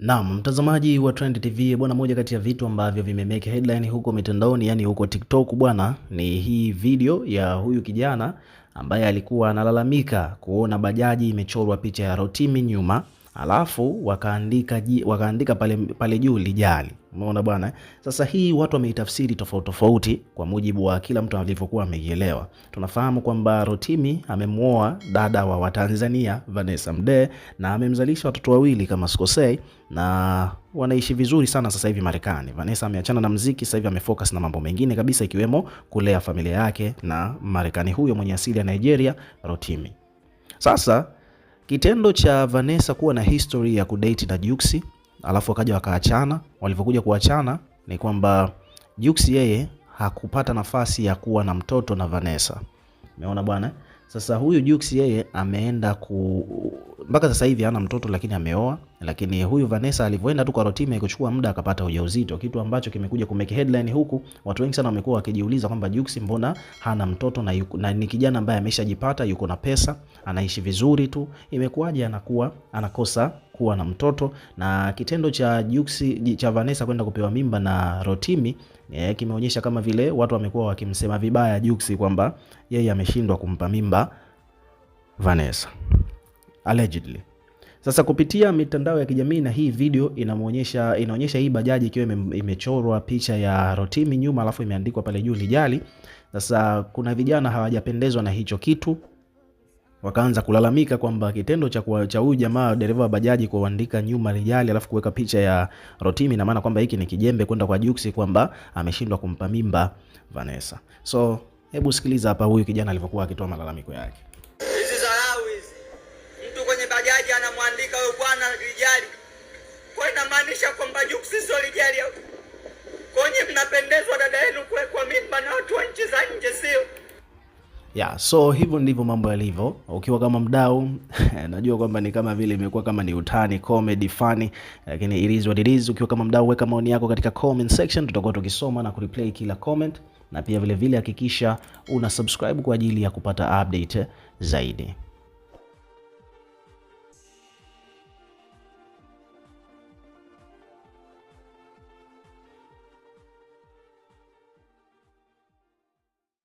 Naam, mtazamaji wa Trend TV bwana, moja kati ya vitu ambavyo vimemeke headline huko mitandaoni, yani huko TikTok bwana, ni hii video ya huyu kijana ambaye alikuwa analalamika kuona bajaji imechorwa picha ya Rotimi nyuma alafu wakaandika, wakaandika pale, pale juu lijali. Umeona bwana, eh? sasa hii watu wameitafsiri tofauti tofauti kwa mujibu wa kila mtu alivyokuwa ameielewa. Tunafahamu kwamba Rotimi amemwoa dada wa Watanzania Vanessa Mdee na amemzalisha watoto wawili kama sikosei, na wanaishi vizuri sana sasa hivi Marekani. Vanessa ameachana na mziki, sasa hivi amefocus na mambo mengine kabisa, ikiwemo kulea familia yake na Marekani huyo mwenye asili ya Nigeria Rotimi. Sasa Kitendo cha Vanessa kuwa na history ya kudate na Jux alafu wakaja wakaachana, walivyokuja kuachana ni kwamba Jux yeye hakupata nafasi ya kuwa na mtoto na Vanessa. Umeona bwana? Sasa huyu Jux yeye ameenda ku mpaka sasa hivi hana mtoto lakini ameoa lakini huyu Vanessa alivyoenda tu kwa Rotimi kuchukua muda akapata ujauzito, kitu ambacho kimekuja kumeki headline huku watu wengi sana wamekuwa wakijiuliza kwamba Jux mbona hana mtoto na, yuko, na ni kijana ambaye ameshajipata, yuko na pesa, anaishi vizuri tu, imekuwaje anakuwa anakosa kuwa na mtoto? Na kitendo cha Jux, cha Vanessa kwenda kupewa mimba na Rotimi eh, kimeonyesha kama vile watu wamekuwa wakimsema vibaya Jux kwamba yeye ameshindwa kumpa mimba Vanessa allegedly. Sasa kupitia mitandao ya kijamii na hii video inamuonyesha, inaonyesha hii bajaji ikiwa imechorwa picha ya Rotimi nyuma, alafu imeandikwa pale juu lijali. Sasa kuna vijana hawajapendezwa na hicho kitu wakaanza kulalamika kwamba kitendo cha cha huyu jamaa dereva wa bajaji kuandika nyuma lijali alafu kuweka picha ya Rotimi, na maana kwamba hiki ni kijembe kwenda kwa Juksi kwamba ameshindwa kumpa mimba Vanessa. So hebu sikiliza hapa huyu kijana alivyokuwa akitoa malalamiko yake. kwamba Juksi Kwa konye mnapendezwa dada yenu kuwekwa mimba na watu wa nchi za nje, sio ya so hivyo ndivyo mambo yalivyo. Ukiwa kama mdau najua kwamba ni kama vile imekuwa kama ni utani comedy funny, lakini it is what it is. Ukiwa kama mdau, weka maoni yako katika comment section, tutakuwa tukisoma na kureply kila comment, na pia vilevile hakikisha una subscribe kwa ajili ya kupata update zaidi.